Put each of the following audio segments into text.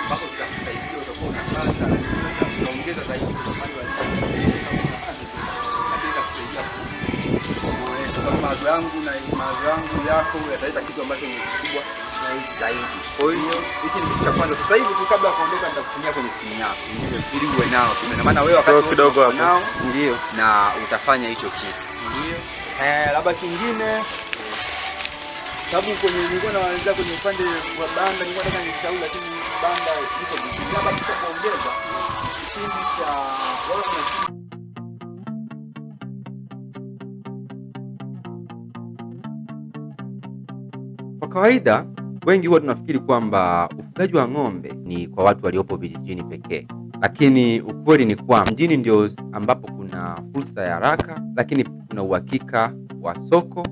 ambako tutakusaidia, utakuwa mawazo yangu na mawazo yangu yako yataleta kitu ambacho ni kikubwa zaidi. Kwa hiyo hiki ni kitu cha kwanza. Sasa hivi tu kabla ya kuondoka, nitakutumia kwenye simu yako ili uwe nao sasa, maana wewe wakati kidogo hapo ndio na utafanya hicho kitu ndio. Eh, labda kingine sababu kwenye nilikuwa na wenzangu kwenye upande wa banda, nilikuwa nataka nishauri, lakini banda iko vizuri, labda kuongeza kipindi cha wala Kwa kawaida wengi huwa tunafikiri kwamba ufugaji wa ng'ombe ni kwa watu waliopo vijijini pekee, lakini ukweli ni kwamba mjini ndio ambapo kuna fursa ya haraka, lakini kuna uhakika wa soko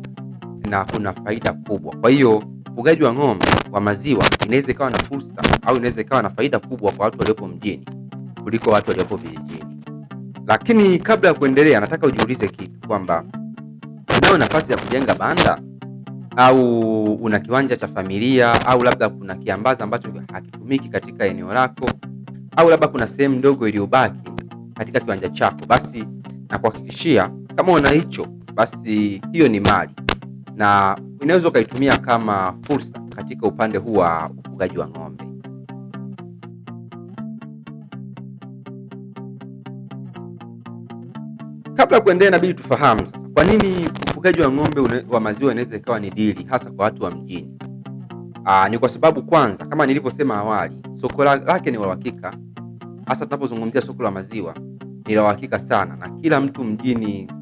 na kuna faida kubwa. Kwa hiyo ufugaji wa ng'ombe wa maziwa inaweza ikawa na fursa au inaweza ikawa na faida kubwa kwa watu waliopo mjini kuliko watu waliopo vijijini. Lakini kabla ya kuendelea, nataka ujiulize kitu kwamba unayo nafasi ya kujenga banda au una kiwanja cha familia au labda kuna kiambaza ambacho hakitumiki katika eneo lako au labda kuna sehemu ndogo iliyobaki katika kiwanja chako, basi nakuhakikishia kama una hicho, basi hiyo ni mali na unaweza ukaitumia kama fursa katika upande huu wa ufugaji wa ng'ombe. Kabla ya kuendelea, inabidi tufahamu sasa kwa nini ufugaji wa ng'ombe wa maziwa inaweza ikawa ni dili hasa kwa watu wa mjini. Aa, ni kwa sababu kwanza, kama nilivyosema awali, soko lake ni la uhakika, hasa tunapozungumzia soko la maziwa ni la uhakika sana, na kila mtu mjini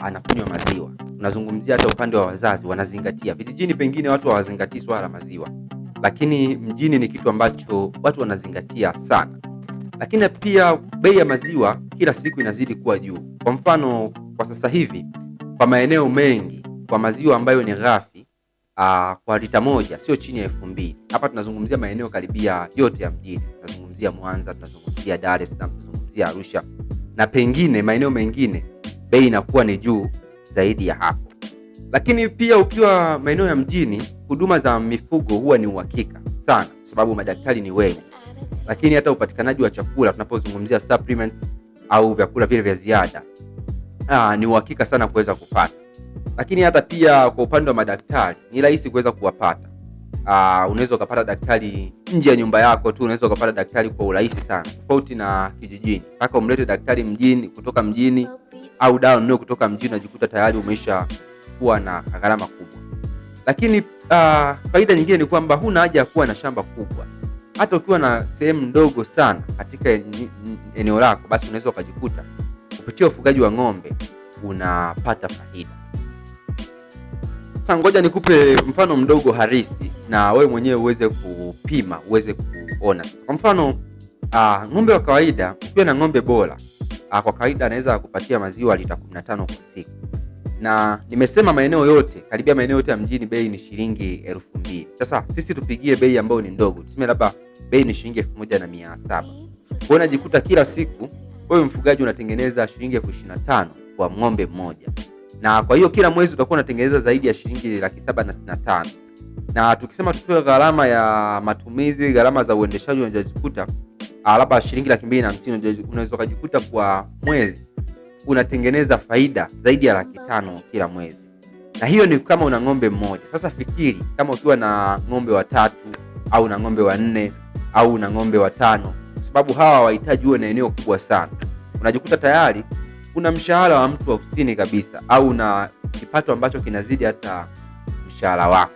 anakunywa maziwa unazungumzia hata upande wa wazazi wanazingatia. Vijijini pengine watu hawazingatii swala la maziwa, lakini mjini ni kitu ambacho watu wanazingatia sana. Lakini pia bei ya maziwa kila siku inazidi kuwa juu. Kwa mfano, kwa sasa hivi kwa maeneo mengi kwa maziwa ambayo ni ghafi aa, ah, kwa lita moja sio chini ya elfu mbili. Hapa tunazungumzia maeneo karibia yote ya mjini, tunazungumzia Mwanza, tunazungumzia Dar es Salaam, tunazungumzia Arusha na pengine maeneo mengine bei inakuwa ni juu zaidi ya hapo. Lakini pia ukiwa maeneo ya mjini, huduma za mifugo huwa ni uhakika sana, kwa sababu madaktari ni wengi. Lakini hata upatikanaji wa chakula, tunapozungumzia supplements au vyakula vile vya ziada, ah, ni uhakika sana kuweza kupata. Lakini hata pia kwa upande wa madaktari ni rahisi kuweza kuwapata. Uh, unaweza ukapata daktari nje ya nyumba yako tu, unaweza ukapata daktari kwa urahisi sana, tofauti na kijijini. Mpaka umlete daktari mjini kutoka mjini au dawa kutoka mjini, unajikuta tayari umeisha kuwa na gharama kubwa. Lakini uh, faida nyingine ni kwamba huna haja ya kuwa na shamba kubwa. Hata ukiwa na sehemu ndogo sana katika eneo lako, basi unaweza ukajikuta kupitia ufugaji wa ng'ombe unapata faida. Sasa ngoja nikupe mfano mdogo harisi na wewe mwenyewe uweze kupima, uweze kuona. Kwa mfano uh, ng'ombe wa kawaida, ukiwa na ng'ombe bora Ah, kwa kawaida anaweza kupatia maziwa lita 15 kwa siku, na nimesema maeneo yote, karibia maeneo yote ya mjini bei ni shilingi elfu mbili. Sasa sisi tupigie bei ambayo ni ndogo, tuseme labda bei ni shilingi elfu moja na mia saba. Kwa hiyo unajikuta kila siku wewe mfugaji unatengeneza shilingi elfu ishirini na tano kwa ng'ombe mmoja, na kwa hiyo kila mwezi utakuwa unatengeneza zaidi ya shilingi laki saba na sitini na tano na tukisema tutoe gharama ya matumizi, gharama za uendeshaji, unajikuta Ah, labda shilingi laki mbili na hamsini unaweza ukajikuta kwa mwezi unatengeneza faida zaidi ya laki tano kila mwezi, na hiyo ni kama una ng'ombe mmoja. Sasa fikiri kama ukiwa na ng'ombe watatu au na ng'ombe wanne au na ng'ombe watano, kwa sababu hawa wahitaji uwe na eneo kubwa sana. Unajikuta tayari una mshahara wa mtu ofisini kabisa, au una kipato ambacho kinazidi hata mshahara wako.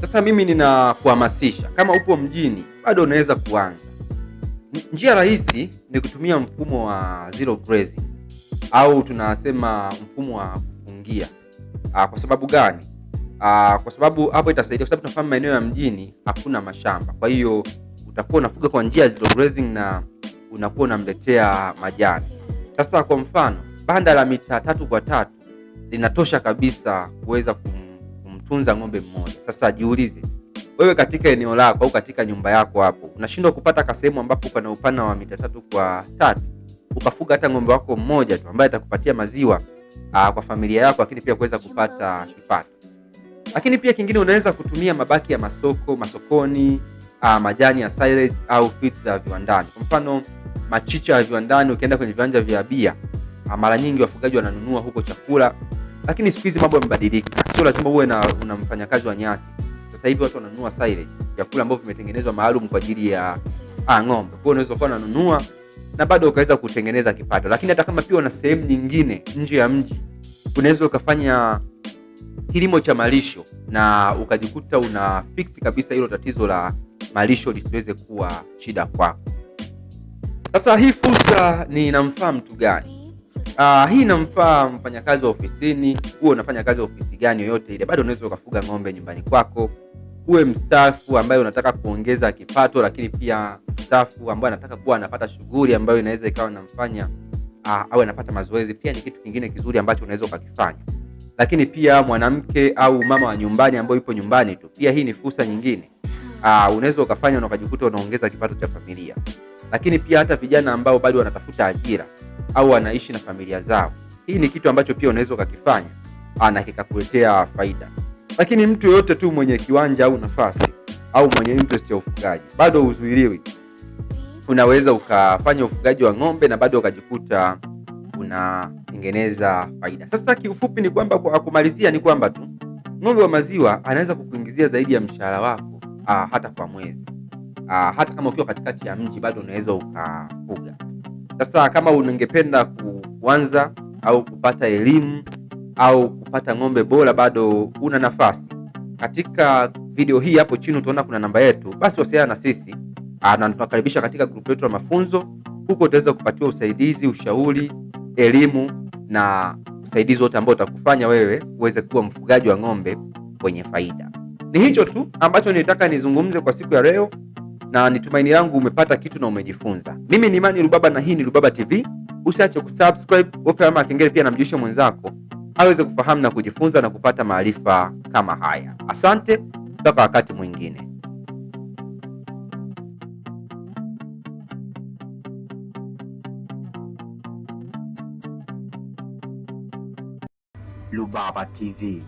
Sasa mimi ninakuhamasisha kama upo mjini bado unaweza kuanza. Njia rahisi ni kutumia mfumo wa zero grazing au tunasema mfumo wa kufungia. Ah, kwa sababu gani? Ah, kwa sababu hapo itasaidia, kwa sababu tunafahamu maeneo ya mjini hakuna mashamba, kwa hiyo utakuwa unafuga kwa njia ya zero grazing na unakuwa unamletea majani. Sasa kwa mfano banda la mita tatu kwa tatu linatosha kabisa kuweza kum kutunza ng'ombe mmoja. Sasa jiulize wewe, katika eneo lako au katika nyumba yako hapo, unashindwa kupata kasehemu ambapo kuna upana wa mita tatu kwa tatu ukafuga hata ng'ombe wako mmoja tu ambaye atakupatia maziwa aa, ah, kwa familia yako, lakini pia kuweza kupata kipato. Lakini pia kingine, unaweza kutumia mabaki ya masoko masokoni, aa, ah, majani ya silage au feeds za viwandani. Kwa mfano machicha ya viwandani, ukienda kwenye viwanja vya bia, ah, mara nyingi wafugaji wananunua huko chakula lakini siku hizi mambo yamebadilika, sio lazima uwe na una mfanyakazi wa nyasi. Sasa hivi watu wananunua silage, vyakula ambavyo vimetengenezwa maalum kwa ajili ya ah, ng'ombe. kwao unaweza kuwa unanunua na bado ukaweza kutengeneza kipato. Lakini hata kama pia una sehemu nyingine nje ya mji, unaweza ukafanya kilimo cha malisho na ukajikuta una fix kabisa hilo tatizo la malisho lisiweze kuwa shida kwako. Sasa hii fursa ni namfaa mtu gani? Uh, hii inamfaa mfanyakazi wa ofisini. uwe unafanya kazi ofisi gani yoyote ile, bado unaweza ukafuga ng'ombe nyumbani kwako. Uwe mstaafu ambaye unataka kuongeza kipato, lakini pia mstaafu ambaye anataka kuwa anapata shughuli ambayo inaweza ikawa namfanya uh, ah, awe anapata mazoezi, pia ni kitu kingine kizuri ambacho unaweza ukakifanya. Lakini pia mwanamke au mama wa nyumbani ambaye yupo nyumbani tu, pia hii ni fursa nyingine. Uh, unaweza ukafanya na ukajikuta unaongeza kipato cha familia. Lakini pia hata vijana ambao bado wanatafuta ajira au wanaishi na familia zao. Hii ni kitu ambacho pia unaweza ukakifanya na kikakuletea faida. Lakini mtu yoyote tu mwenye kiwanja au nafasi au mwenye interest ya ufugaji bado huzuiliwi. Unaweza ukafanya ufugaji wa ng'ombe na bado ukajikuta unatengeneza faida. Sasa kiufupi ni kwamba kwa kumalizia ni kwamba tu ng'ombe wa maziwa anaweza kukuingizia zaidi ya mshahara wako aa, ah, hata kwa mwezi aa, ah, hata kama ukiwa katikati ya mji bado unaweza ukafuga. Sasa kama ungependa kuanza au kupata elimu au kupata ng'ombe bora, bado una nafasi. Katika video hii hapo chini utaona kuna namba yetu, basi wasiliana na sisi ah, na tunakaribisha katika grupu letu la mafunzo. Huko utaweza kupatiwa usaidizi, ushauri, elimu na usaidizi wote ambao utakufanya wewe uweze kuwa mfugaji wa ng'ombe wenye faida. Ni hicho tu ambacho nilitaka nizungumze kwa siku ya leo na nitumaini langu umepata kitu na umejifunza. Mimi ni Imani Rubaba na hii ni Rubaba TV. Usiache kusubscribe, bofya alama ya kengele, pia namjulishe mwenzako aweze kufahamu na kujifunza na kupata maarifa kama haya. Asante, mpaka wakati mwingine. Rubaba TV.